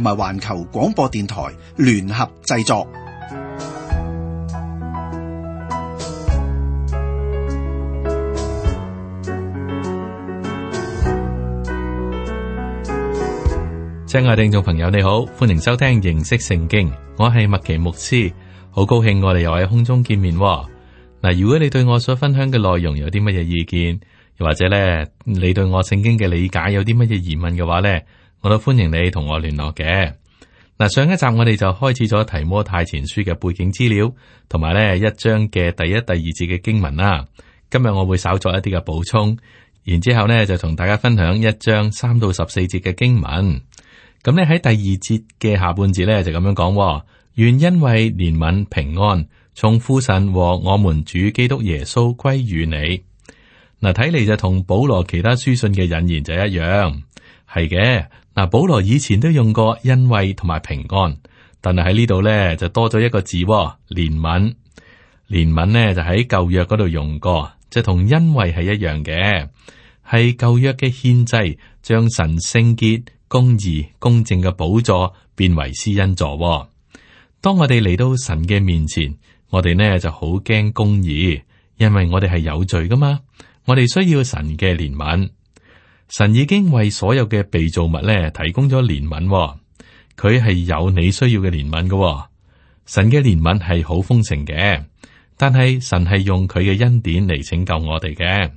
同埋環球廣播電台聯合製作。親愛的聽眾朋友，你好，歡迎收聽認識聖經。我係麥奇牧師，好高興我哋又喺空中見面。嗱，如果你對我所分享嘅內容有啲乜嘢意見，又或者咧你對我聖經嘅理解有啲乜嘢疑問嘅話咧，我都歡迎你同我聯絡嘅。嗱，上一集我哋就開始咗提摩太前書嘅背景資料，同埋呢一章嘅第一、第二節嘅經文啦。今日我會稍作一啲嘅補充，然之後呢就同大家分享一章三到十四節嘅經文。咁呢，喺第二節嘅下半節呢，就咁樣講：願恩惠憐憫平安，從父神和我們主基督耶穌歸與你。嗱，睇嚟就同保羅其他書信嘅引言就一樣，係嘅。嗱、啊，保羅以前都用過恩惠同埋平安，但係喺呢度咧就多咗一個字、哦，憐憫。憐憫咧就喺舊約嗰度用過，就同恩惠係一樣嘅，係舊約嘅獻祭，將神聖潔、公義、公正嘅寶座變為施恩座、哦。當我哋嚟到神嘅面前，我哋呢就好驚公義，因為我哋係有罪噶嘛，我哋需要神嘅憐憫。神已經為所有嘅被造物，咧提供咗憐憫、哦，佢係有你需要嘅憐憫嘅、哦。神嘅憐憫係好豐盛嘅,但係神係用佢嘅恩典嚟拯救我哋嘅。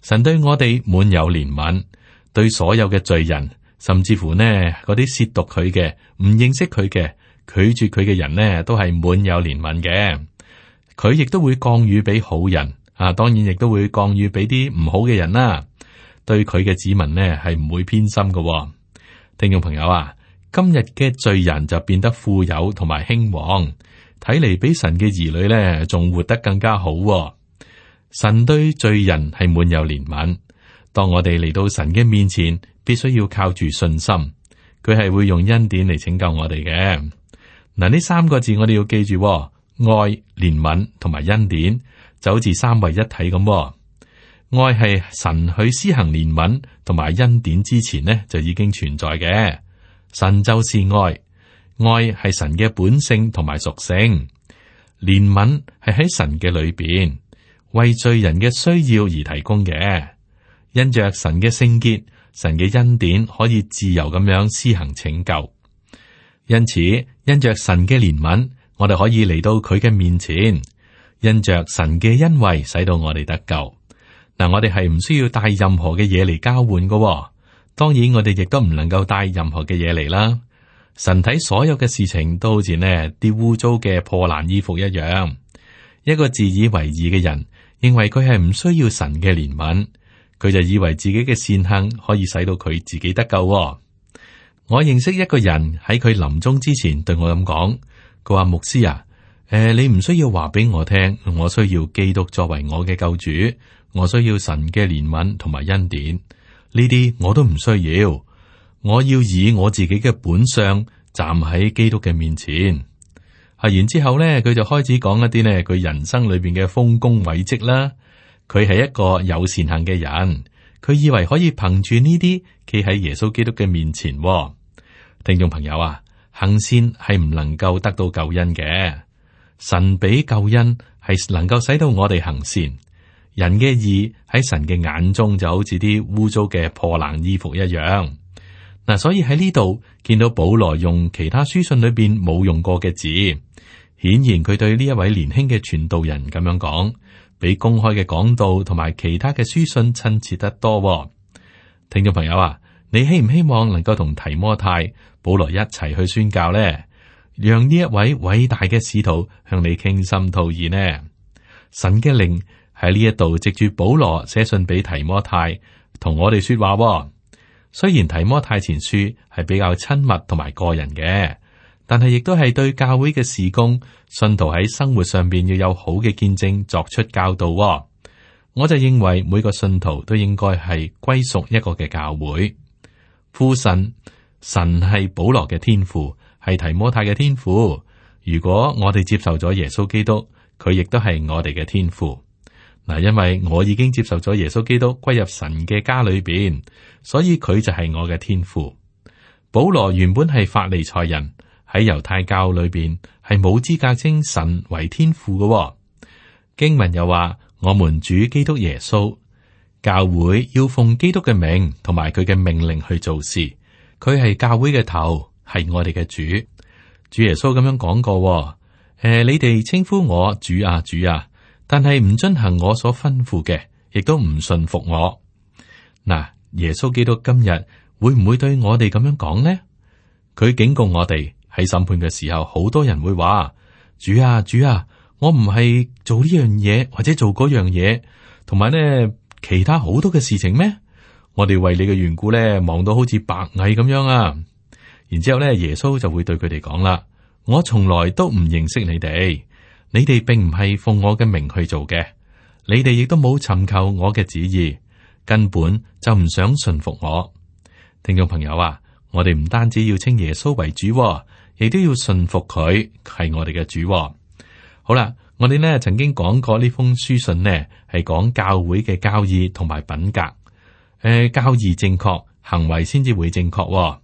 神對我哋滿有憐憫，對所有嘅罪人，甚至乎呢嗰啲褻瀆佢嘅、唔認識佢嘅、拒絕佢嘅人呢，都係滿有憐憫嘅。佢亦都會降雨俾好人啊，當然亦都會降雨俾啲唔好嘅人啦。對佢嘅子民呢係唔會偏心嘅，哦，聽眾朋友啊，今日嘅罪人就變得富有同埋興旺，睇嚟比神嘅兒女呢仲活得更加好哦。神對罪人係滿有憐憫，當我哋嚟到神嘅面前，必須要靠住信心，佢係會用恩典嚟拯救我哋嘅。嗱，呢三個字我哋要記住哦：愛、憐憫同埋恩典，就好似三位一體咁哦。愛係神去施行憐憫同埋恩典之前呢，就已經存在嘅。神就是愛，愛係神嘅本性同埋屬性。憐憫係喺神嘅裏邊為罪人嘅需要而提供嘅。因着神嘅聖潔，神嘅恩典可以自由咁樣施行拯救。因此，因着神嘅憐憫，我哋可以嚟到佢嘅面前；因着神嘅恩惠，使到我哋得救。嗱、嗯，我哋係唔需要帶任何嘅嘢，嚟交換噶、哦。當然，我哋亦都唔能夠帶任何嘅嘢嚟啦。神睇所有嘅事情都好似呢啲污糟嘅破爛衣服一樣。一個自以為義嘅人認為佢係唔需要神嘅憐憫，佢就以為自己嘅善行可以使到佢自己得救、哦。我認識一個人喺佢臨終之前對我咁講，佢話牧師啊，誒、呃，你唔需要話俾我聽，我需要基督作為我嘅救主。我需要神嘅憐憫同埋恩典，呢啲我都唔需要。我要以我自己嘅本相站喺基督嘅面前。啊，然之後咧，佢就開始講一啲咧，佢人生裏邊嘅豐功偉績啦。佢係一個有善行嘅人，佢以為可以憑住呢啲企喺耶穌基督嘅面前。聽眾朋友啊，行善係唔能夠得到救恩嘅，神俾救恩，係能夠使到我哋行善。人嘅意喺神嘅眼中就好似啲污糟嘅破爛衣服一樣嗱、啊，所以喺呢度見到保羅用其他書信裏邊冇用過嘅字，顯然佢對呢一位年輕嘅傳道人咁樣講，比公開嘅講道同埋其他嘅書信親切得多、哦。聽眾朋友啊，你希唔希望能夠同提摩太保羅一齊去宣教咧？讓呢一位偉大嘅使徒向你傾心吐意咧？神嘅靈。喺呢一度，藉住保羅寫信俾提摩太同我哋說話、哦。雖然提摩太前書係比較親密同埋個人嘅，但係亦都係對教會嘅事工、信徒喺生活上邊要有好嘅見證，作出教導、哦。我就認為每個信徒都應該係歸屬一個嘅教會。父神神係保羅嘅天父，係提摩太嘅天父。如果我哋接受咗耶穌基督，佢亦都係我哋嘅天父。嗱，因為我已經接受咗耶穌基督歸入神嘅家裏邊，所以佢就係我嘅天父。保羅原本係法利賽人，喺猶太教裏邊係冇資格稱神為天父嘅，哦。經文又話：我們主基督耶穌教會，要奉基督嘅名同埋佢嘅命令去做事，佢係教會嘅頭，係我哋嘅主。主耶穌咁樣講過，誒，呃，你哋稱呼我主啊，主啊。但係唔遵行我所吩咐嘅，亦都唔信服我。嗱，耶穌基督今日會唔會對我哋咁樣講呢？佢警告我哋喺審判嘅時候，好多人會話：主啊，主啊，我唔係做呢樣嘢或者做嗰樣嘢，同埋呢其他好多嘅事情咩？我哋為你嘅緣故咧，忙到好似白蟻咁樣啊！然之後咧，耶穌就會對佢哋講啦：我從來都唔認識你哋。你哋並唔係奉我嘅名去做嘅，你哋亦都冇尋求我嘅旨意，根本就唔想順服我。聽眾朋友啊，我哋唔單止要稱耶穌為主喎，亦都要順服佢係我哋嘅主喎。好啦，我哋呢曾經講過呢封書信呢係講教會嘅教義同埋品格。誒、呃，教義正確，行為先至會正確喎。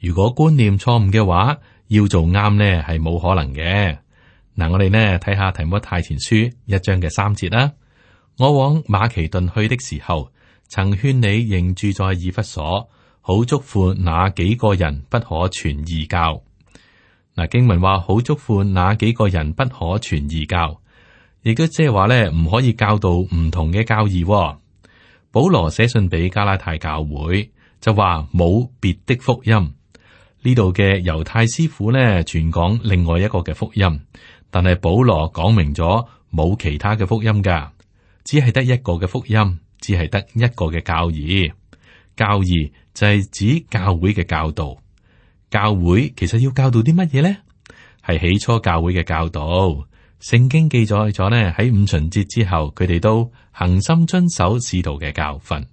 如果觀念錯誤嘅話，要做啱呢係冇可能嘅。嗱，我哋呢睇下《提摩太前書》一章嘅三節啦。我往馬其頓去的時候，曾勸你仍住在以弗所，好囑咐那幾個人不可傳異教。嗱，經文話好囑咐那幾個人不可傳異教，亦都即係話呢，唔可以教到唔同嘅教義。保羅寫信俾加拉太教會就話冇別的福音。呢度嘅猶太師傅呢，傳講另外一個嘅福音。但係保羅講明咗冇其他嘅福音噶，只係得一個嘅福音，只係得一個嘅教義。教義就係指教會嘅教導。教會其實要教導啲乜嘢咧？係起初教會嘅教導。聖經記載咗呢，喺五旬節之後，佢哋都恆心遵守使徒嘅教訓。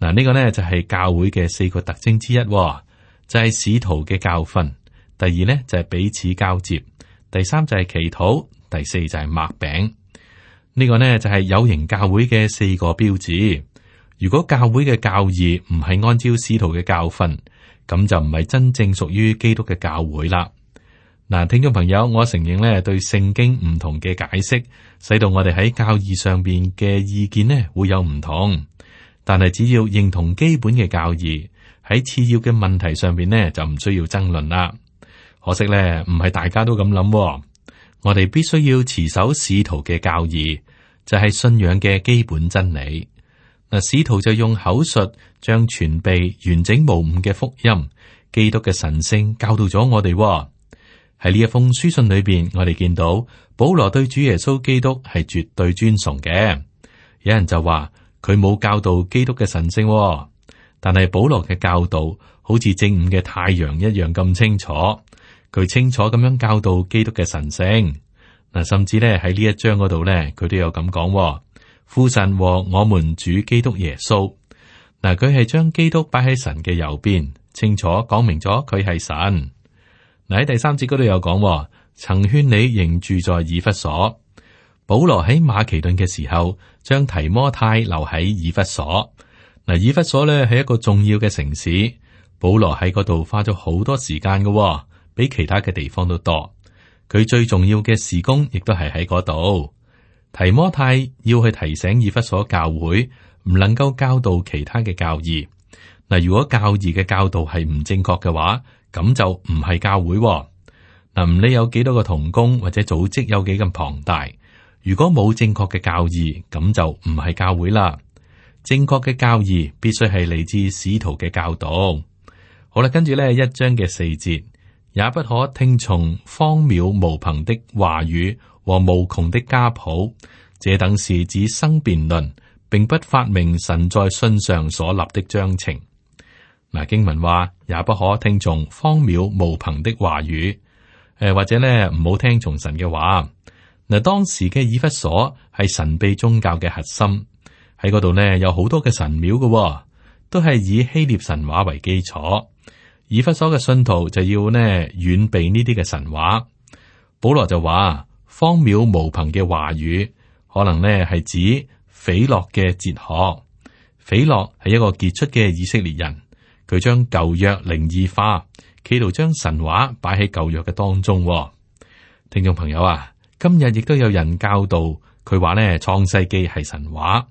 嗱，呢個呢就係教會嘅四個特徵之一，就係使徒嘅教訓。第二呢，就係彼此交接。第三就係祈禱，第四就係擘餅。呢個呢就係有形教會嘅四個標誌。如果教會嘅教義唔係按照使徒嘅教訓，咁就唔係真正屬於基督嘅教會啦。嗱，聽眾朋友，我承認呢對聖經唔同嘅解釋，使到我哋喺教義上邊嘅意見呢會有唔同。但係只要認同基本嘅教義，喺次要嘅問題上邊呢就唔需要爭論啦。可惜咧，唔係大家都咁諗喎。我哋必須要持守使徒嘅教義，就係、是、信仰嘅基本真理。嗱，使徒就用口述將全備完整無誤嘅福音，基督嘅神聖教導咗我哋喎。喺呢一封書信裏邊，我哋見到保羅對主耶穌基督係絕對尊崇嘅。有人就話佢冇教導基督嘅神聖喎，但係保羅嘅教導好似正午嘅太陽一樣咁清楚。佢清楚咁樣教導基督嘅神聖嗱，甚至咧喺呢一章嗰度咧，佢都有咁講。夫神和我們主基督耶穌嗱，佢係將基督擺喺神嘅右邊，清楚講明咗佢係神嗱。喺第三節嗰度有講，曾勸你仍住在以弗所。保羅喺馬其頓嘅時候，將提摩太留喺以弗所嗱。以弗所咧係一個重要嘅城市，保羅喺嗰度花咗好多時間噶。比其他嘅地方都多，佢最重要嘅事工亦都係喺嗰度。提摩太要去提醒以弗所教會唔能夠教導其他嘅教義嗱。如果教義嘅教導係唔正確嘅話，咁就唔係教會嗱、哦。唔理有幾多個同工或者組織有幾咁龐大，如果冇正確嘅教義，咁就唔係教會啦。正確嘅教義必須係嚟自使徒嘅教導。好啦，跟住咧一章嘅四節。也不可聽從荒謬無憑的話語和無窮的家譜，這等事只生辯論，並不發明神在信上所立的章程。嗱，經文話，也不可聽從荒謬無憑的、呃、的話語，誒或者咧唔好聽從神嘅話。嗱，當時嘅以弗所係神秘宗教嘅核心，喺嗰度咧有好多嘅神廟嘅、哦，都係以希臘神話為基礎。以弗所嘅信徒就要呢，遠避呢啲嘅神話。保羅就話，荒渺無憑嘅話語，可能呢係指斐洛嘅哲學。斐洛係一個傑出嘅以色列人，佢將舊約靈異化，企圖將神話擺喺舊約嘅當中，哦。聽眾朋友啊，今日亦都有人教導佢話呢，創世記係神話，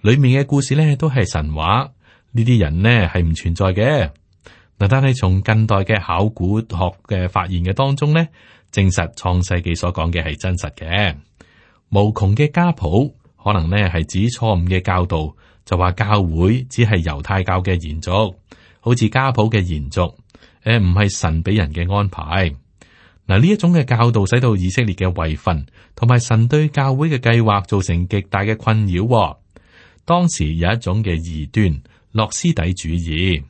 裏面嘅故事呢都係神話，呢啲人呢係唔存在嘅。嗱，但係從近代嘅考古學嘅發現嘅當中呢，證實創世紀所講嘅係真實嘅。無窮嘅家譜可能呢係指錯誤嘅教導，就話教會只係猶太教嘅延續，好似家譜嘅延續，誒唔係神俾人嘅安排。嗱，呢一種嘅教導使到以色列嘅遺訓同埋神對教會嘅計劃造成極大嘅困擾。當時有一種嘅異端，諾斯底主義。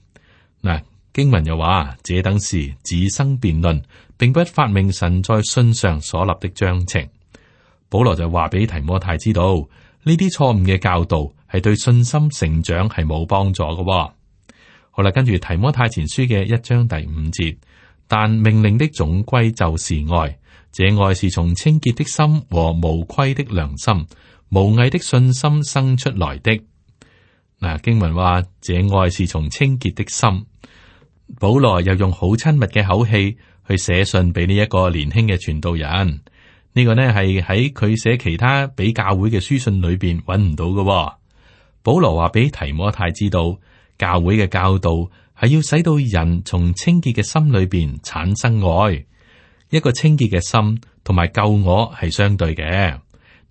經文又話：啊，這等事只生辯論，並不發明神在信上所立的章程。保羅就話俾提摩太知道，呢啲錯誤嘅教導係對信心成長係冇幫助嘅。好啦，跟住提摩太前書嘅一章第五節，但命令的總歸就是愛，這愛是從清潔的心和無虧的良心、無偽的信心生出來的。嗱，啊，經文話：這愛是從清潔的心。保羅又用好親密嘅口氣去寫信俾呢一個年輕嘅傳道人，呢個呢係喺佢寫其他俾教會嘅書信裏邊搵唔到嘅。保羅話俾提摩太知道，教會嘅教導係要使到人從清潔嘅心裏邊產生愛，一個清潔嘅心同埋救我係相對嘅。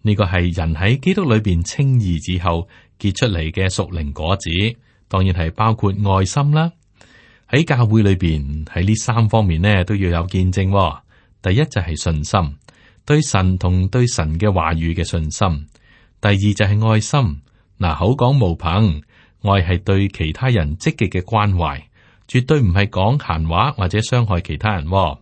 呢個係人喺基督裏邊清義之後結出嚟嘅屬靈果子，當然係包括愛心啦。喺教會裏邊，喺呢三方面呢都要有見證、哦。第一就係信心，對神同對神嘅話語嘅信心。第二就係愛心，嗱，口講無憑，愛係對其他人積極嘅關懷，絕對唔係講閒話或者傷害其他人、哦。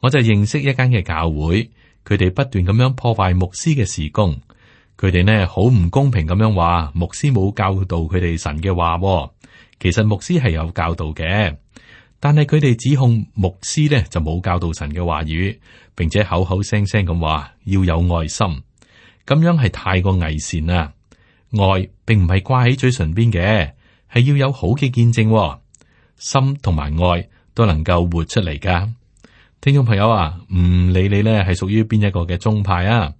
我就認識一間嘅教會，佢哋不斷咁樣破壞牧師嘅事工，佢哋呢好唔公平咁樣話牧師冇教導佢哋神嘅話。其實牧師係有教導嘅，但係佢哋指控牧師呢就冇教導神嘅話語，並且口口聲聲咁話要有愛心，咁樣係太過偽善啦。愛並唔係掛喺嘴唇邊嘅，係要有好嘅見證、喎，心同埋愛都能夠活出嚟噶。聽眾朋友啊，唔理你呢係屬於邊一個嘅宗派啊，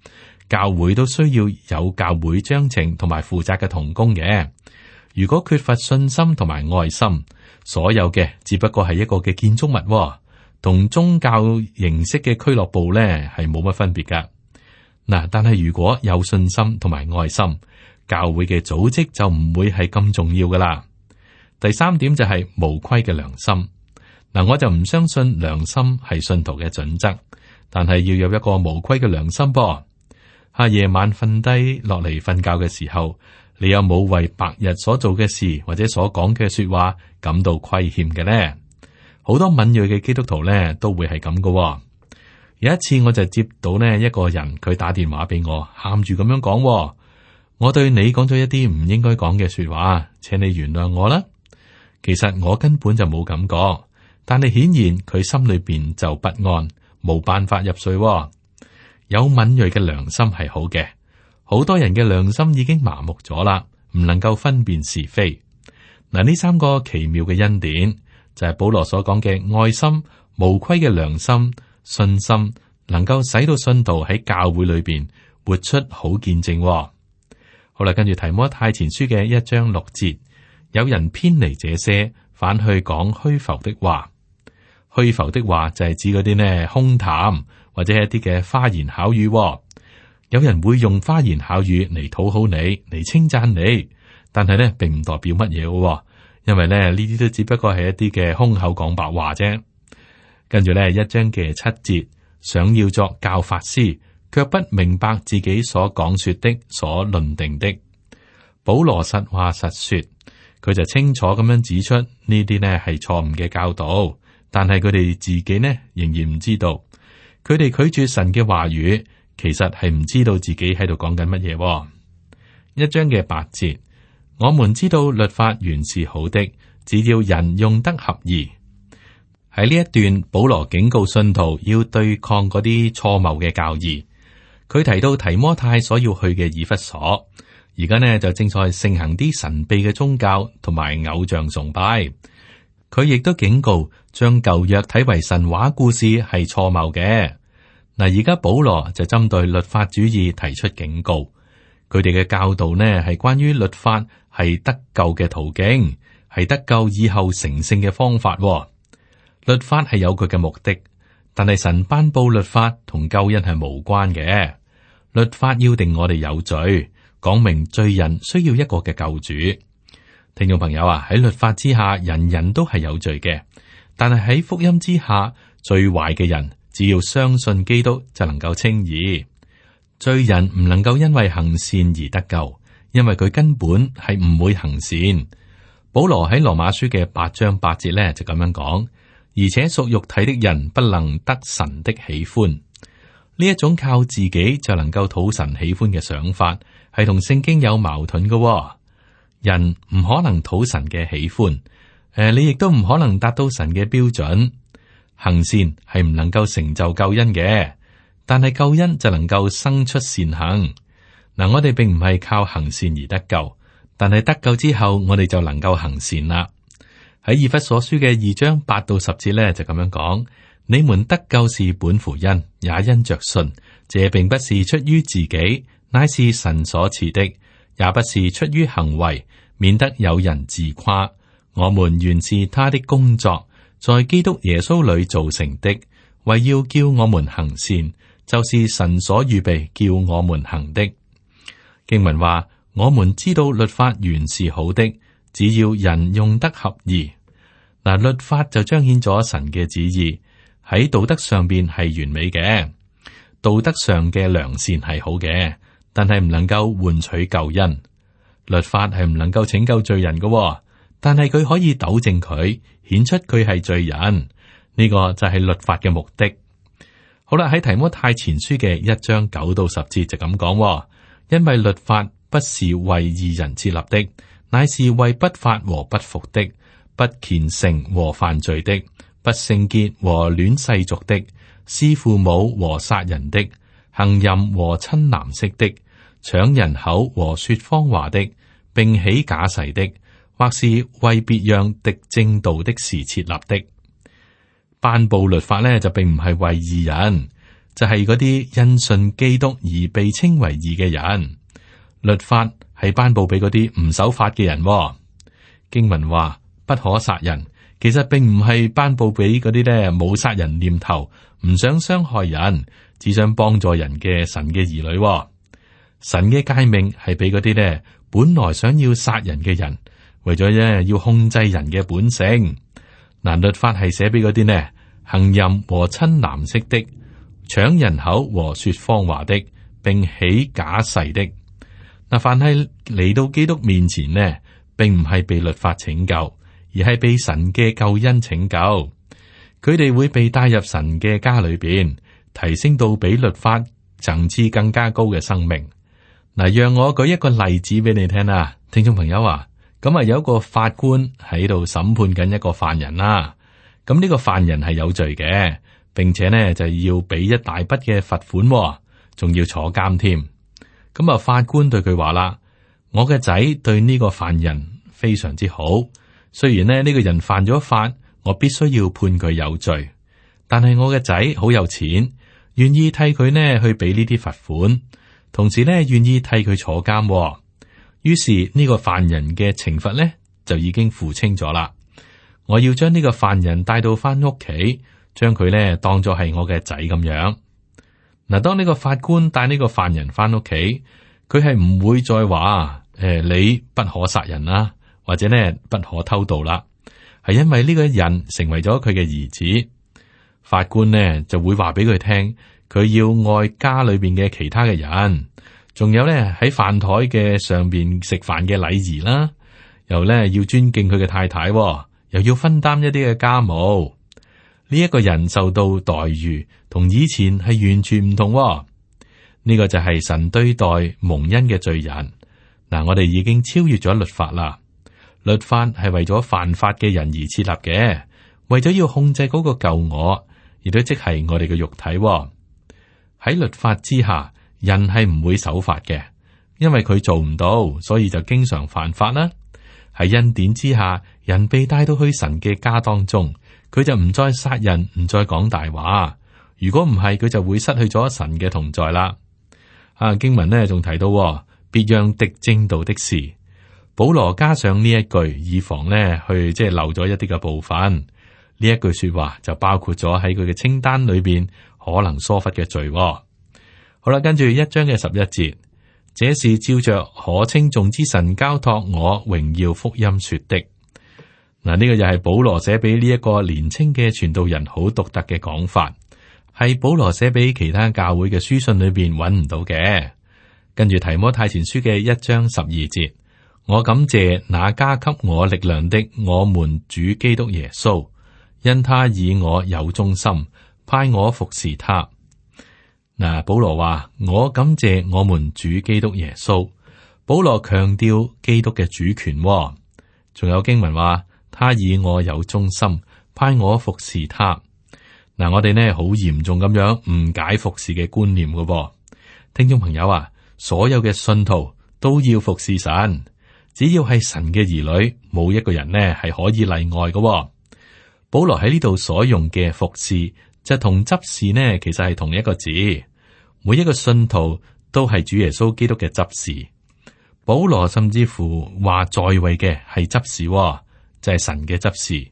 教會都需要有教會章程同埋負責嘅同工嘅。如果缺乏信心同埋愛心，所有嘅只不過係一個嘅建築物、哦，同宗教形式嘅俱樂部咧，係冇乜分別噶。嗱，但係如果有信心同埋愛心，教會嘅組織就唔會係咁重要噶啦。第三點就係無虧嘅良心。嗱，我就唔相信良心係信徒嘅準則，但係要有一個無虧嘅良心。噃，啊，夜晚瞓低落嚟瞓覺嘅時候。你有冇為白日所做嘅事，或者所講嘅說話感到虧欠嘅呢？好多敏銳嘅基督徒呢，都會係咁嘅。有一次我就接到呢一個人，佢打電話俾我，喊住咁樣講，哦：我對你講咗一啲唔應該講嘅說話，請你原諒我啦。其實我根本就冇感覺，但係顯然佢心裏邊就不安，冇辦法入睡，哦。有敏銳嘅良心係好嘅。好多人嘅良心已經麻木咗啦，唔能夠分辨是非。嗱，呢三個奇妙嘅恩典就係、是、保羅所講嘅愛心、無虧嘅良心、信心，能夠使到信徒喺教會裏邊活出好見證、哦。好啦，跟住提摩太前書嘅一章六節，有人偏離這些，反去講虛浮的話。虛浮的話就係指嗰啲呢空談或者係一啲嘅花言巧語、哦。有人會用花言巧語嚟討好你，嚟稱讚你，但係咧並唔代表乜嘢嘅，因為咧呢啲都只不過係一啲嘅空口講白話啫。跟住咧一章嘅七節，想要作教法師，卻不明白自己所講說的、所論定的。保羅實話實說，佢就清楚咁樣指出呢啲呢係錯誤嘅教導，但係佢哋自己呢仍然唔知道，佢哋拒絕神嘅話語。其實係唔知道自己喺度講緊乜嘢。一章嘅八節，我們知道律法原是好的，只要人用得合宜。喺呢一段，保羅警告信徒要對抗嗰啲錯謬嘅教義。佢提到提摩太所要去嘅以弗所，而家呢就正在盛行啲神秘嘅宗教同埋偶像崇拜。佢亦都警告將舊約睇為神話故事係錯謬嘅。嗱，而家保羅就針對律法主義提出警告，佢哋嘅教導呢係關於律法係得救嘅途徑，係得救以後成聖嘅方法。律法係有佢嘅目的，但係神頒佈律法同救恩係無關嘅。律法要定我哋有罪，講明罪人需要一個嘅救主。聽眾朋友啊，喺律法之下，人人都係有罪嘅，但係喺福音之下，最壞嘅人。只要相信基督就能夠稱義，罪人唔能夠因為行善而得救，因為佢根本係唔會行善。保羅喺羅馬書嘅八章八節呢，就咁樣講，而且屬肉體的人不能得神的喜歡。呢一種靠自己就能夠討神喜歡嘅想法，係同聖經有矛盾嘅，哦。人唔可能討神嘅喜歡，誒、呃，你亦都唔可能達到神嘅標準。行善係唔能夠成就救恩嘅，但係救恩就能夠生出善行。嗱，我哋並唔係靠行善而得救，但係得救之後，我哋就能夠行善啦。喺以弗所書嘅二章八到十節呢，就咁樣講：你們得救是本乎恩，也因着信。這並不是出於自己，乃是神所賜的；也不是出於行為，免得有人自誇。我們原是他的工作。在基督耶穌裏造成的，為要叫我們行善，就是神所預備叫我們行的。經文話：我們知道律法原是好的，只要人用得合宜。嗱，律法就彰顯咗神嘅旨意，喺道德上邊係完美嘅。道德上嘅良善係好嘅，但係唔能夠換取救恩。律法係唔能夠拯救罪人嘅，哦。但係佢可以糾正佢，顯出佢係罪人。呢、這個就係律法嘅目的。好啦，喺提摩太前書嘅一章九到十節就咁講，因為律法不是為義人設立的，乃是為不法和不服的、不虔誠和犯罪的、不聖潔和戀世俗的、弑父母和殺人的、行淫和親男色的、搶人口和說謊話的，並起假誓的。或是為別讓敵正道的事設立的頒布律法咧，就並唔係為義人，就係嗰啲因信基督而被稱為義嘅人。律法係頒布俾嗰啲唔守法嘅人。經文話，不可殺人，其實並唔係頒布俾嗰啲咧冇殺人念頭，唔想傷害人，只想幫助人嘅神嘅兒女。神嘅誡命係俾嗰啲咧本來想要殺人嘅人。為咗啫，要控制人嘅本性，嗱，律法係寫俾嗰啲呢，行淫和親男色的，搶人口和說謊話的，並起假誓的。嗱，凡係嚟到基督面前呢，並唔係被律法拯救，而係被神嘅救恩拯救。佢哋會被帶入神嘅家裏邊，提升到比律法層次更加高嘅生命。嗱，讓我舉一個例子俾你聽啊，聽眾朋友啊。咁啊，有一個法官喺度審判緊一個犯人啦。咁呢個犯人係有罪嘅，並且呢就要俾一大筆嘅罰款，仲要坐監添。咁啊，法官對佢話啦：我嘅仔對呢個犯人非常之好，雖然呢呢個人犯咗法，我必須要判佢有罪，但係我嘅仔好有錢，願意替佢呢去俾呢啲罰款，同時呢願意替佢坐監。於是呢個犯人嘅懲罰咧就已經付清咗啦。我要將呢個犯人帶到翻屋企，將佢咧當咗係我嘅仔咁樣。嗱，當呢個法官帶呢個犯人翻屋企，佢係唔會再話誒、欸、你不可殺人啦、啊，或者咧不可偷盜啦，係因為呢個人成為咗佢嘅兒子，法官呢就會話俾佢聽，佢要愛家裏邊嘅其他嘅人。仲有咧喺飯台嘅上邊食飯嘅禮儀啦，又咧要尊敬佢嘅太太，又要分擔一啲嘅家務。呢一個人受到待遇同以前係完全唔同。呢個就係神對待蒙恩嘅罪人。嗱，我哋已經超越咗律法啦。律法係為咗犯法嘅人而設立嘅，為咗要控制嗰個舊我，亦都即係我哋嘅肉體喺律法之下。人係唔會守法嘅，因為佢做唔到，所以就經常犯法啦。喺恩典之下，人被帶到去神嘅家當中，佢就唔再殺人，唔再講大話。如果唔係，佢就會失去咗神嘅同在啦。啊，經文呢仲提到，別讓敵正道的事。保羅加上呢一句，以防呢去即係漏咗一啲嘅部分。呢一句說話就包括咗喺佢嘅清單裏邊可能疏忽嘅罪。好啦，跟住一章嘅十一節，這是照着可稱頌之神交託我榮耀福音說的。嗱，呢個又係保羅寫俾呢一個年輕嘅傳道人好獨特嘅講法，係保羅寫俾其他教會嘅書信裏邊揾唔到嘅。跟住提摩太前書嘅一章十二節，我感謝那加給我力量的，我們主基督耶穌，因他以我有忠心，派我服侍他。嗱，保羅話：我感謝我們主基督耶穌。保羅強調基督嘅主權、哦。仲有經文話：他以我有忠心，派我服侍他。嗱、嗯，我哋呢好嚴重咁樣誤解服侍嘅觀念嘅、哦。聽眾朋友啊，所有嘅信徒都要服侍神，只要係神嘅兒女，冇一個人呢係可以例外嘅、哦，保羅喺呢度所用嘅服侍。就同執事呢，其實係同一個字。每一個信徒都係主耶穌基督嘅執事。保羅甚至乎話在位嘅係執事喎，就係神嘅執事。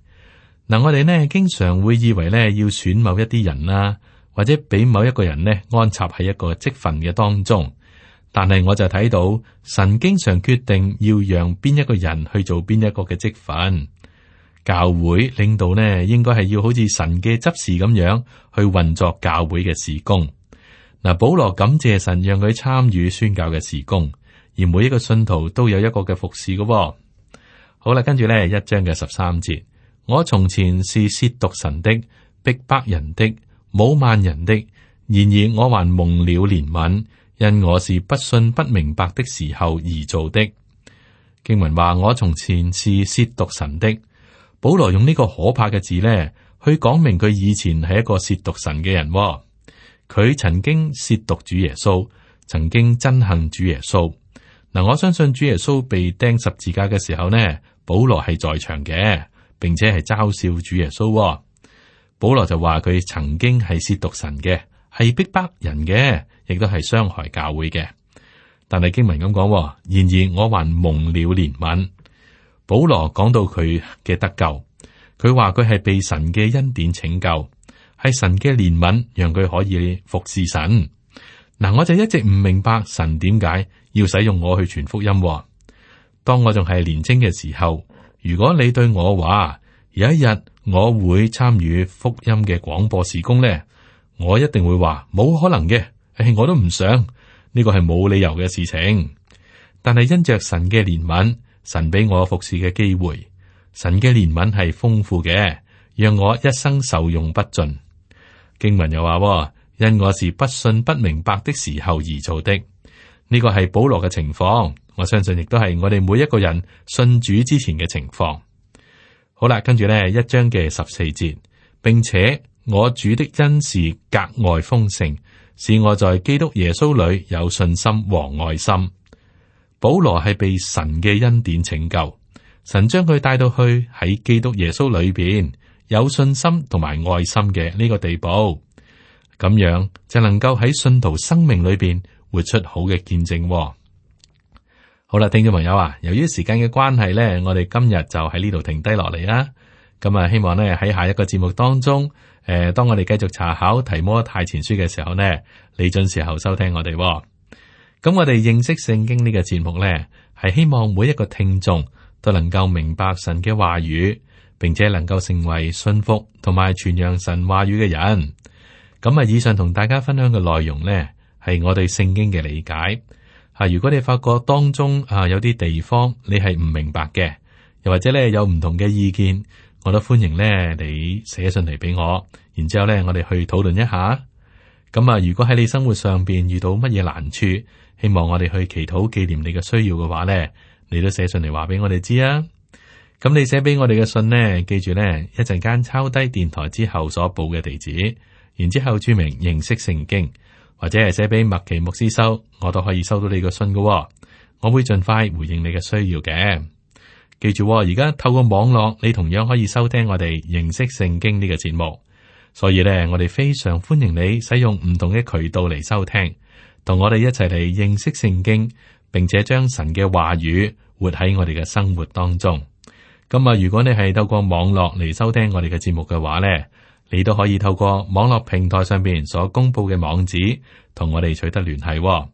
嗱，我哋呢經常會以為呢要選某一啲人啦、啊，或者俾某一個人呢安插喺一個職份嘅當中。但係我就睇到神經常決定要讓邊一個人去做邊一個嘅職份。教會領導呢，應該係要好似神嘅執事咁樣去運作教會嘅事工。嗱，保羅感謝神，讓佢參與宣教嘅事工，而每一個信徒都有一個嘅服侍嘅，哦。好啦，跟住呢一章嘅十三節，我從前是褻瀆神的，逼迫人的，侮慢人的。然而我還蒙了憐憫，因我是不信不明白的時候而做的。經文話，我從前是褻瀆神的。保羅用呢個可怕嘅字咧，去講明佢以前係一個褻瀆神嘅人，哦。佢曾經褻瀆主耶穌，曾經憎恨主耶穌。嗱，我相信主耶穌被釘十字架嘅時候呢，保羅係在場嘅，並且係嘲笑主耶穌。保羅就話佢曾經係褻瀆神嘅，係逼迫人嘅，亦都係傷害教會嘅。但係經文咁講，然而我還蒙了憐憫。保羅講到佢嘅得救，佢話佢係被神嘅恩典拯救，係神嘅憐憫讓佢可以服侍神。嗱，我就一直唔明白神點解要使用我去傳福音。當我仲係年青嘅時候，如果你對我話有一日我會參與福音嘅廣播事工咧，我一定會話冇可能嘅，哎，我都唔想，呢個係冇理由嘅事情。但係因着神嘅憐憫。神俾我服侍嘅機會，神嘅憐憫係豐富嘅，讓我一生受用不盡。經文又話：因我是不信不明白的時候而做的，呢、這個係保羅嘅情況，我相信亦都係我哋每一個人信主之前嘅情況。好啦，跟住呢一章嘅十四節，並且我主的恩是格外豐盛，使我在基督耶穌裏有信心和愛心。保羅係被神嘅恩典拯救，神將佢帶到去喺基督耶穌裏邊，有信心同埋愛心嘅呢個地步，咁樣就能夠喺信徒生命裏邊活出好嘅見證哦。好啦，聽眾朋友啊，由於時間嘅關係呢，我哋今日就喺呢度停低落嚟啦。咁啊，希望呢喺下一個節目當中，誒，當我哋繼續查考提摩太前書嘅時候呢，你準時候收聽我哋。咁我哋認識聖經呢個節目呢，係希望每一個聽眾都能夠明白神嘅話語，並且能夠成為信服同埋傳揚神話語嘅人。咁啊，以上同大家分享嘅內容呢，係我對聖經嘅理解。啊，如果你發覺當中啊有啲地方你係唔明白嘅，又或者咧有唔同嘅意見，我都歡迎咧你寫信嚟俾我，然之後咧我哋去討論一下。咁啊，如果喺你生活上邊遇到乜嘢難處，希望我哋去祈禱紀念你嘅需要嘅話呢，你都寫信嚟，話俾我哋知啊！咁你寫俾我哋嘅信呢，記住呢一陣間抄低電台之後所報嘅地址，然之後注明認識聖經，或者係寫俾麥奇牧師收，我都可以收到你嘅信噶。我會盡快回應你嘅需要嘅。記住，而家透過網絡，你同樣可以收聽我哋認識聖經呢個節目。所以呢，我哋非常歡迎你使用唔同嘅渠道嚟收聽。同我哋一齊嚟認識聖經，並且將神嘅話語活喺我哋嘅生活當中。咁、嗯、啊，如果你係透過網絡嚟收聽我哋嘅節目嘅話呢，你都可以透過網絡平台上邊所公布嘅網址，同我哋取得聯繫、哦。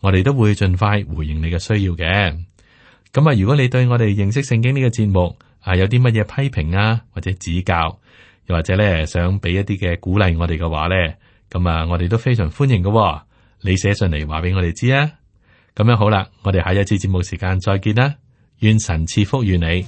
我哋都會盡快回應你嘅需要嘅。咁、嗯、啊，如果你對我哋認識聖經呢、這個節目啊有啲乜嘢批評啊，或者指教，又或者咧想俾一啲嘅鼓勵我哋嘅話呢，咁、嗯、啊、嗯，我哋都非常歡迎嘅、哦。你寫上嚟話俾我哋知啊，咁樣好啦，我哋下一次節目時間再見啦，願神賜福於你。